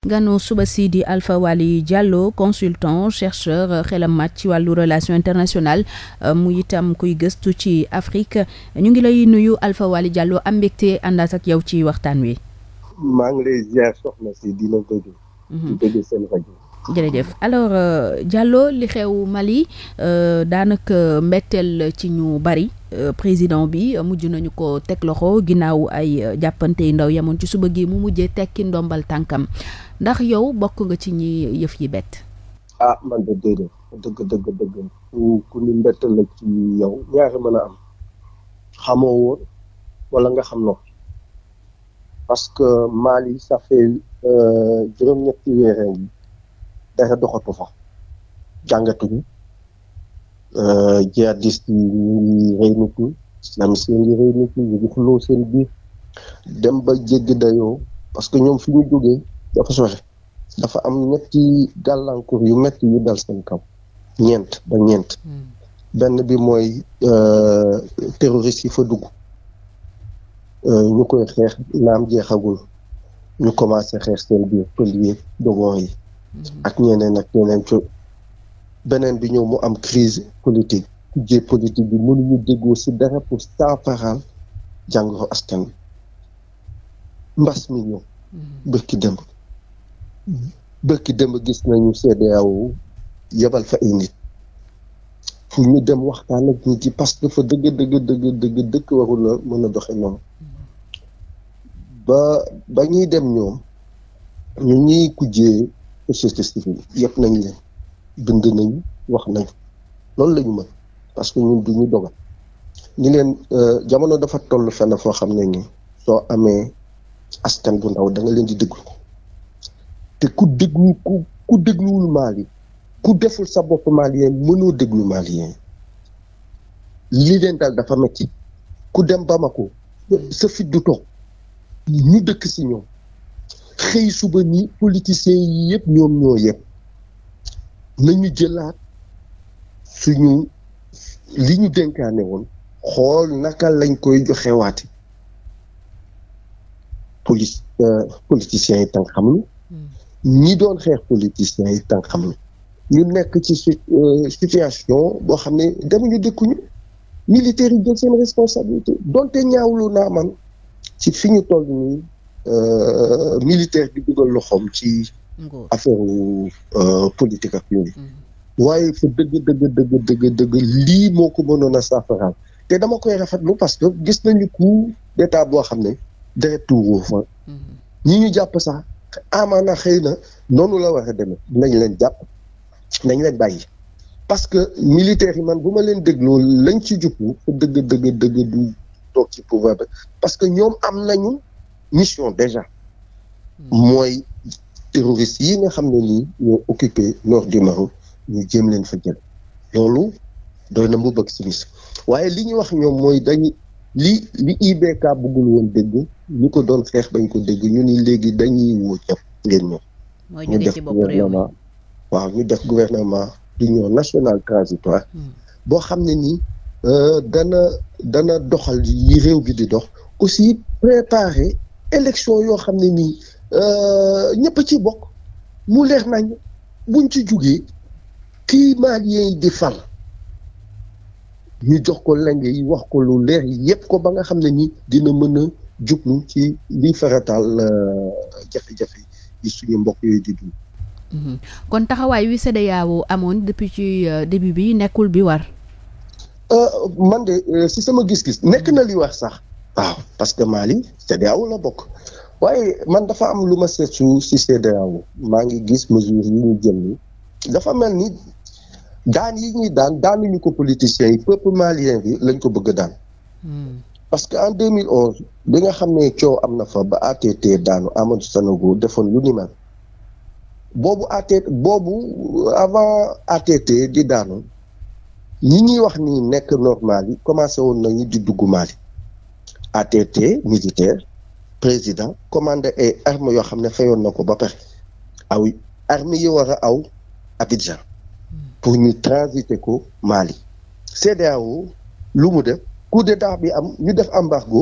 ganu suba si di Alpha Wali Diallo consultant chercheur xelam màcc ci wàllu relation internationale euh, mu itam kuy gëstu ci Afrique ñu ngi lay nuyu Alpha Wali Diallo am mbégte àndaat ak yow ci waxtaan wi. maa ngi lay ziar mhm. alors euh, Diallo li xew Mali euh, daanaka mbetteel ci ñu bari. Euh, président bi euh, mujj nañu ko teg loxo ginnaaw ay euh, jàppante yu ndaw yamoon ci suba gi mu mujjee tekki ndombal tànkam ndax yow bokk nga ci ñi yëf yi bett. ah man de déedéet dëgg dëgg dëgg ku ni mbett la ci yow ñaari mën a am xamoo woon wala nga xam noo parce que Mali ça fait juróom-ñetti weer yi dara doxatu fa jàngatuñu Euh, jihadiste yi ñu rey nit ñi islamiste ngi rey nit ñi ngi xuloo seen biir dem ba jéggi dayoo parce que ñoom fi ñu jógee dafa sore dafa am ñetti gàllankoor yu metti yu dal seen kaw ñeent ba ñeent hmm. benn bi mooy euh, terroriste yi fa dugg euh, ñu koy xeex naam jeexagul ñu commencé xeex seen biir pël yi dogon yi hmm. ak ñeneen ak ñeneen beneen bi ñëw mu am crise politique kujje politique bi mënuñu déggoo si dara pour saafaraal jàngoro askan bi mbas mi ñëw mm-hmm. bërki dëmb bërki dëmb gis nañu CEDEAO yebal fa ay nit pour ñu dem waxtaan ak nit yi parce que fa dëgg dëgg dëgg dëkk warul mën a doxe noonu mm-hmm. ba ba ñuy dem ñoom ñu ñuy kujjee société civile yëpp nañ leen bind nañu wax nañu loolu la ñu mën parce que ñun du ñu dogal ni leen euh, jamono dafa toll fenn foo xam ne ni soo amee askan bu ndaw da nga leen di déglu te ku déglu ku ku dégluwul Mali ku deful sa bopp malien mënoo déglu malien li leen daal dafa metti ku dem Bamako sa fit du toog ñu dëkk si ñoom xëy suba ni politiciens yi yëpp ñoom ñoo yëpp nañu jëlaat suñu li ñu dénkaane woon xool naka lañ koy joxe waate police euh, politiciens yi tam xam na ñi doon xeex politiciens yi tam xam na ñu nekk ci euh, situation boo xam ne demuñu dëkkuñu militaires yi jël seen responsabilité donte ñaawlu naa man ci fi ñu toll nii euh, militaire bi dugal loxoom ci affaire euh, politique ak yooyu mm. waaye fu dëgg dëgg dëgg dëgg lii moo ko mënoon a te dama koy rafetlu parce que gis nañu ku d'état boo xam ne direct wu fa mm-hmm. ñi ñu jàpp sax amaana xëy na noonu la war a nañ leen jàpp nañ leen bàyyi parce que militaires yi man bu ma leen dégloo lañ ci jublu fu dëgg dëgg du toog ci pouvoir parce que ñoom am nañu mission déjà mm. mooy terroristes yi nga xam ne ni ñoo occupé nord du Maroc ñu jéem leen fa jël loolu doy na mu bëgg sinis waaye li ñu wax ñoom mooy dañu li li IBK bëggul woon dégg ñu ko doon xeex bañ ko dégg ñu ni léegi dañuy woo ñëpp ngeen ñëw ñu def gouvernement waaw ñu def gouvernement d'union nationale transitoire hmm. boo xam ne nii euh, dana dana doxal yi réew bi di dox aussi préparer élection yoo xam ne nii Euh, ñëpp ci bokk mu leer nañ buñ ci jugee ki maliens yi di fal ñu jox ko lenge wax ko lu leer yépp ko ba nga xam ne ni dina mën a jublu ci liy farataal euh, jafe-jafe yi suñu mbokk yooyu di dund. Mhm. kon taxawaay wi CEDEAO amoon depuis ci euh, début bi nekkul bi war. man de si sama gis-gis nekk na li wax sax. waaw ah, parce que Mali CEDEAO la bokk. waaye man dafa am lu ma seetlu si CEDEAO maa ngi gis mesure yi ñu jël ni dafa mel ni daan yi ñuy daan daanuñu ko politiciens yi peuple malien bi lañ ko bëgg daan hmm. parce que en 2011 bi nga xam ne coow am na fa ba ATT daanu Amadou Sanogo defoon lu ni mel boobu ATT boobu avant ATT di daanu ñi ñuy wax ni nekk normal yi commencé woon nañu di dugg Mali ATT militaire président commandé ay armes yoo xam ne fayoon na ko ba pare aw armes yi war a aw Abidjan pour ñu transiter ko Mali CEDEAO lu mu def coup d'état bi am ñu def embargo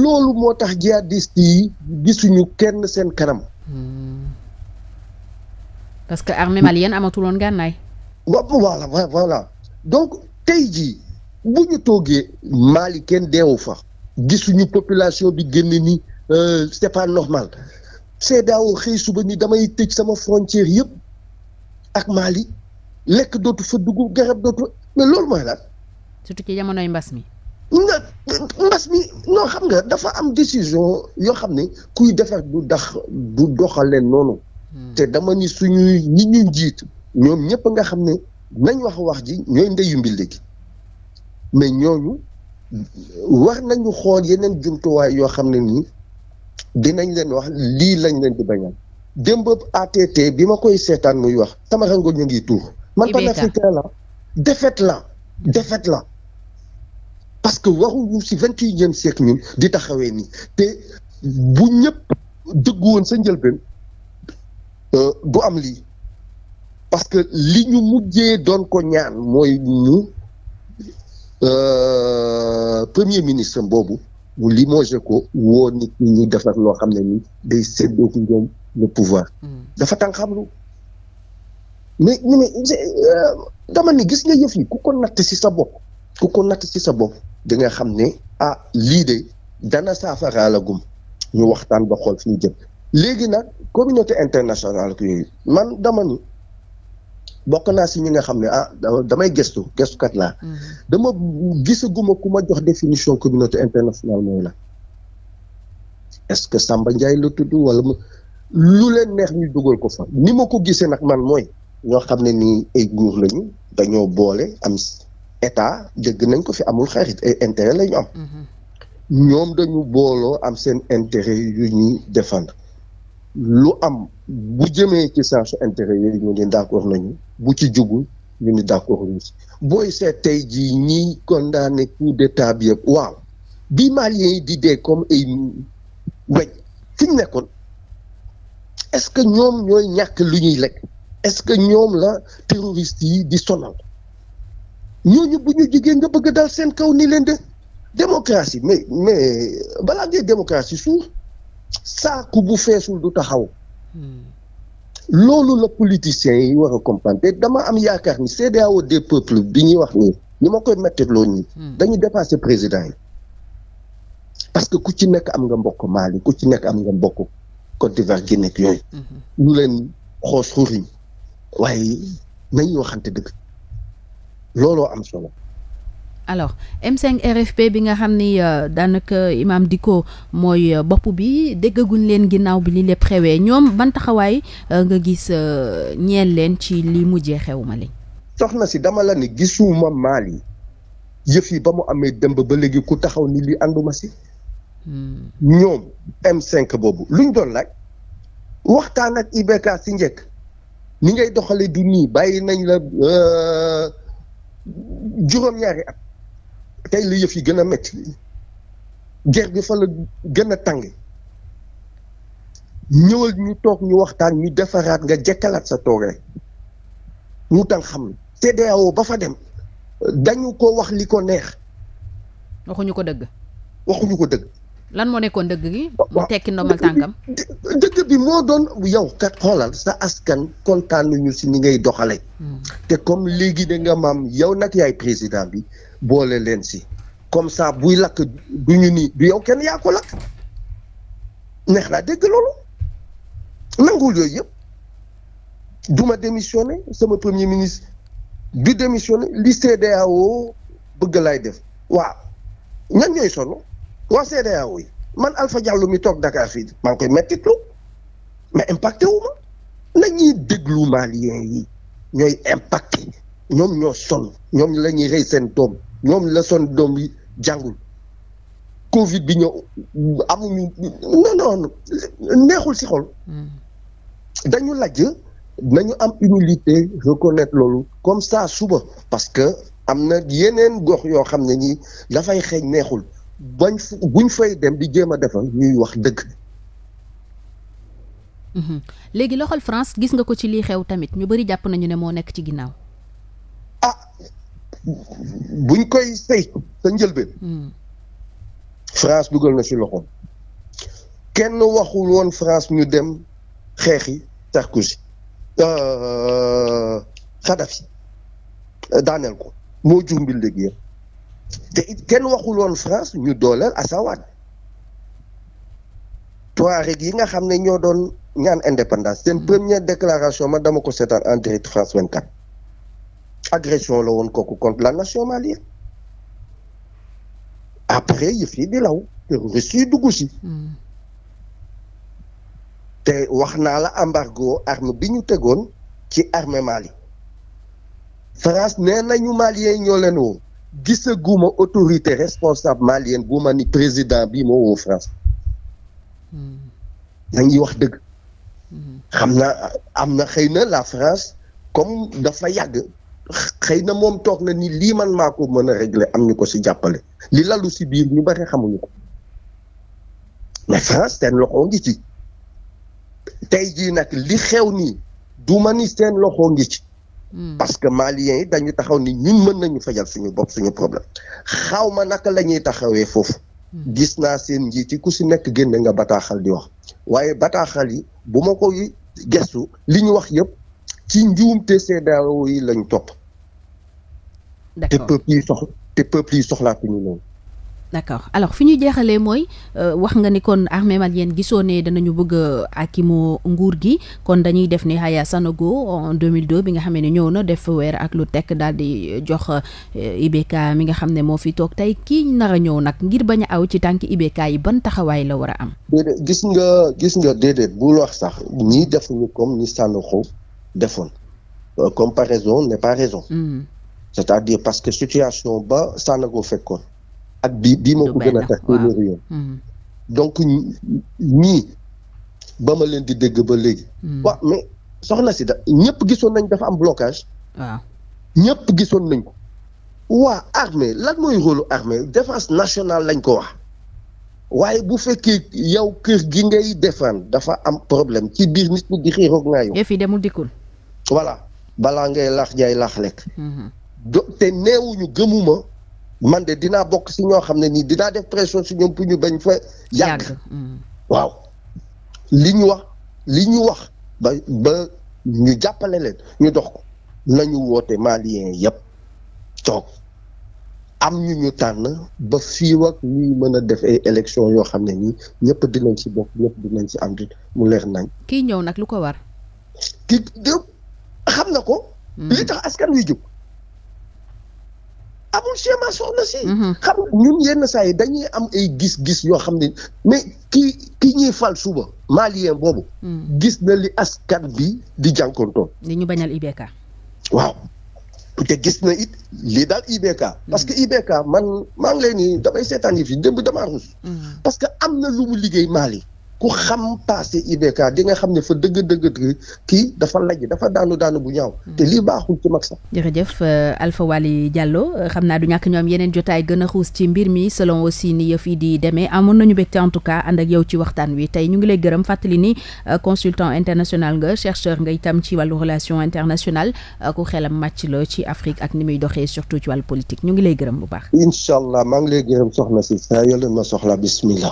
loolu moo tax jihadiste yi gisuñu kenn seen kanam parce que armée malienne amatuloon gànnaay wa voilà voilà donc tey jii bu ñu toogee Mali kenn deewu fa gisuñu population bi génn ni euh, c'est pas normal CEDEAO xëy suba ni damay tëj sama frontière yëpp ak Mali lekk dootu fa dugg garab dootu mais loolu mooy lan. surtout ci jamonoy mbas mi. mbas mi non xam nga dafa am décision yoo xam ne kuy defar bu dax doxal leen noonu. Hmm. te dama ni suñuy nit ñu njiit ñoom ñëpp nga xam ne nañ wax wax ji ñooy ndeyu mbil mais ñooñu. war nañu xool yeneen jumtuwaay yoo xam ne nii dinañ leen wax lii lañ leen di bañal démb ATT bi ma koy seetaan muy wax sama rango ñu ngi tuur man panafricain la défaite la défaite la parce que waxuñu si vingt et unième siècle ñun di taxawee nii te bu ñëpp dëggu woon sa njëlbeen du euh, am lii parce que li ñu mujjee doon ko ñaan mooy ñu Euh, premier ministre boobu mu limogé ko woo nit ñi defar loo xam ne ni day séddoo ko ñoom le pouvoir. Hmm. dafa tan xam lu mais mais euh, dama ni gis nga yëf yi ku ko natt ci sa bopp ku ko natt ci sa bopp di xam ne ah lii de dana saafaraalagum ñu waxtaan ba xool fi ñu jëm léegi nag communauté internationale yooyu man dama ni. bokk naa si ñi nga xam ne ah damay gëstu gëstukat laa. Mm-hmm. dama gisaguma ku ma jox définition communauté internationale mooy la. est-ce que Samba njaay la tudd wala lu leen neex ñu dugal ko fa ni ma ko gisee nag man mooy ñoo xam ne ni ay nguur lañu dañoo boole am état dégg nañ ko fi amul xarit ay intérêt lañu am. Mm-hmm. ñoom dañu booloo am seen intérêt yu ñuy défendre. lu am bu jëmee ci saasu intérêt yooyu ñu ni d'accord nañu bu ci jugul ñu ni d'accord ñu si booy seet tey jii ñiy condamné coup de bi yëpp waaw bi Maliens yi di dee comme ay weñ fi nekkoon est-ce que ñoom ñooy ñàkk lu ñuy lekk est-ce que ñoom la terroriste yi di sonal ñooñu bu ñu jigéen nga bëgg dal seen kaw ni leen de démocratie mais mais balaa ngay démocratie suuf saaku bu feesul du taxaw hmm. loolu la politiciens yi war a te dama am yaakaar ni CEDEAO des peuples bi ñuy wax nii ñu ma koy métteloo ñi hmm. dañu dépassé président yi parce que ku ci nekk am nga mbokk Mali ku ci nekk am nga mbokk Côte d'Ivoire gi nekk yooyu hmm. lu leen xoos xuriñ waaye nañuy waxante dëgg looloo am solo alors M5 RFP bi nga xam ni euh, daanaka imaam di ko mooy euh, bopp bi déggaguñ leen ginnaaw bi li lépp xewee ñoom ban taxawaay euh, nga gis euh, ñeel leen ci li mujjee xew ma lañ soxna si dama la ni gisuma maal yi yëf yi ba mu amee dëmb ba léegi ku taxaw ni li ànduma si hmm. ñoom m boobu luñ doon laaj waxtaan ak IBK si njëkk ni ngay doxale du nii bàyyi nañ la juróom-ñaari at tey li yëf yi gën a métti guerre bi fa la gën a tànge ñëwal ñu toog ñu waxtaan ñu defaraat nga jekkalaat sa toogee mu tam xam CEDEAO ba fa dem dañu ko wax li ko neex waxuñu ko dëgg waxuñu ko dëgg lan moo nekkoon dëgg gi mu tekki ndomal tànkam dëgg bi moo doon yow kat xoolal sa askan kontaan nañu si ni ngay doxale hmm. te comme léegi da nga maam yow nag yaay président bi boole leen si comme ça buy lakk du ñu nii du yow kenn yaa ko lakk neex naa dégg loolu nanguwul yooyu yëpp duma démissionné sama premier ministre du démissionné li CEDEAO bëgg laay def waaw ñan ñooy sonn waa CEDEAO yi man Alpha Diallo mi toog Dakar fii maa ngi koy mettitlu mais impacté wu ma nañuy déglu Maliens yi ñooy impacté ñoom ñoo sonn ñoom la ñuy rey seen doom ñoom la son doom yi jàngul Covid bi ñëw amuñu non neexul si xol. Hmm. dañu laj nañu am humilité reconnaître loolu comme ça suba parce que am na yeneen gox yoo xam ne nii dafay xeeñ neexul bañ buñ fay dem di jéem a defal ñuy wax dëgg. Hmm. léegi loxol France gis nga ko ci lii xew tamit ñu bari jàpp nañu ne moo nekk ci ginnaaw. buñ koy saytu sa njëlbeen. Hmm. France dugal na ci loxoom. kenn waxul woon France ñu dem xeexi Sarkozy. Euh, Kadhafi daaneel ko moo jur mbir léegi yëpp te it kenn waxul woon France ñu dooleel Assawad Touareg yi nga xam ne ñoo doon ñaan indépendance seen hmm. première déclaration ma dama ko seetaan en direct France agression la woon kooku contre la nation malienne après yëf yi di law terroriste yi dugg si hmm. te wax naa la embargo arme bi ñu tegoon ci armée Mali France nee nañu maliens ñoo leen woo gisaguma autorité responsable malienne bu ma ni président bi moo woo France nañuy hmm. wax dëgg hmm. xam na na xëy na la France comme dafa yàgg xëy na moom toog na ni lii man maa ko mën a régler am ñu ko si jàppale li lalu si biir ñu bari xamuñu ko mais France seen loxo ngi ci tey jii nag li xew nii duma ni seen loxo ngi ci. Hmm. parce que maliens yi dañu taxaw ni ñun mën nañu fajal suñu bopp suñu problème xaw ma naka lañuy taxawee foofu. Hmm. gis naa seen njiit yi ku si nekk génne nga bataaxal di wax waaye bataaxal yi bu ma ko gestu li ñu wax yépp ci njuumte CEDEAO yi lañ topp te peuples yi soxla te peuples yi soxlaatuñu loolu. d'accord alors fi ñu jeexalee mooy euh, wax nga ni kon armée malienne gisoo ne danañu bëgg a akimoo nguur gi kon dañuy def ni Haya Sanogo en 2002 bi nga xam ne ñëw na def weer ak lu tekk daal di jox euh, IBK mi nga xam ne moo fi toog tey kii nar a ñëw nag ngir bañ aw ci tànk IBK yi ban taxawaay la war a am. gis nga gis nga déedéet bul wax sax ñii defuñu comme ñi Sanogo defoon euh, comparaison n'est pas raison. Hmm. c'est-à-dire parce que situation ba Sandago fekkoon ak bi bii moo ko gën a tax téeméeri yoon donc ñii ba ma leen di dégg ba léegi mm-hmm. waaw mais soxna si da ñëpp gisoon nañ dafa am blocage ñëpp gisoon nañ ko waa armée lan mooy rôle armée défense nationale lañ ko wax waaye bu fekkee yow kër gi ngay défendre dafa am problème ci biir nit ñi di xiiroog naa yow yëf voilà balaa ngay laax jaay laax lekk mm-hmm. te neewuñu gëmuma man de dinaa bokk si ñoo xam ne nii dinaa def pression si ñoom pour ñu bañ fa yàgg mm. waaw li ñu wax li ñu wax ba ba ñu jàppale leen ñu dox ko nañu woote malien yépp toog am ñu ñu tànn ba fii ak ñuy mën a def ay élection yoo xam ne ñi ñëpp dinañ ci bokk ñëpp dinañ ci ànd mu leer nañ kii ñëw nag lu ko war kii xam na ko mm. li tax askan wi jóg amul schéma soxna si. Mhm. xam ñun yenn saa yi dañuy am ay gis-gis yoo xam ne mais ki ki ñuy fal suba malien boobu. Mm. gis na li askan bi di jànkoontoon. li ñu bañal IBK. waaw te gis na it lii daal IBK. parce que mm. IBK man maa ngi leen ni damay seetaan yi fi démb damaa rus. Mm. parce que am na lu mu liggéey Mali. ku xam passé IBK di nga xam ne fa dëgg dëgg kii dafa laj dafa daanu daanu bu ñaaw. Mm. te lii baaxul ci mag sax. jërëjëf euh, Alpha Waly Diallo euh, xam naa du ñàkk ñoom yeneen jotaay gën a xuus ci mbir mi selon aussi ni yëf yi di demee amoon nañu mbégte en tout cas ànd ak yow ci waxtaan wi tey ñu ngi lay gërëm fàttali ni euh, consultant international nga chercheur nga itam ci wàllu relation internationale ku xelam màcc la ci Afrique ak ni muy doxee surtout ci wàllu politique ñu ngi lay gërëm bu baax. incha soxla bismillah